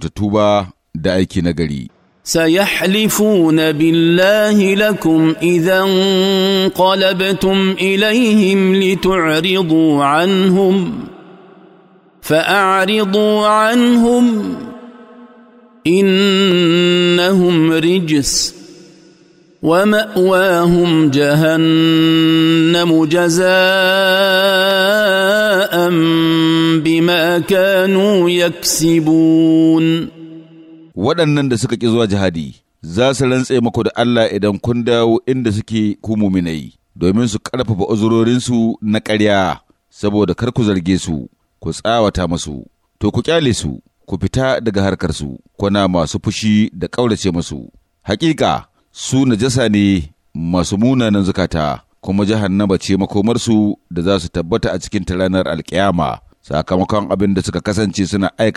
kyautatu da aiki gari. سيحلفون بالله لكم اذا انقلبتم اليهم لتعرضوا عنهم فاعرضوا عنهم انهم رجس وماواهم جهنم جزاء بما كانوا يكسبون waɗannan da suka ƙi zuwa jihadi za su rantse maku da Allah idan kun dawo inda suke ku muminai domin su ƙarfafa uzurorinsu na ƙarya saboda kar ku zarge su ku tsawata masu to ku ƙyale su ku fita daga harkarsu kuna masu fushi da ƙaurace masu haƙiƙa su najasa ne masu munanan zukata kuma jahannaba ce makomarsu da za su tabbata a cikin ranar alkiyama sakamakon abin da suka kasance suna aika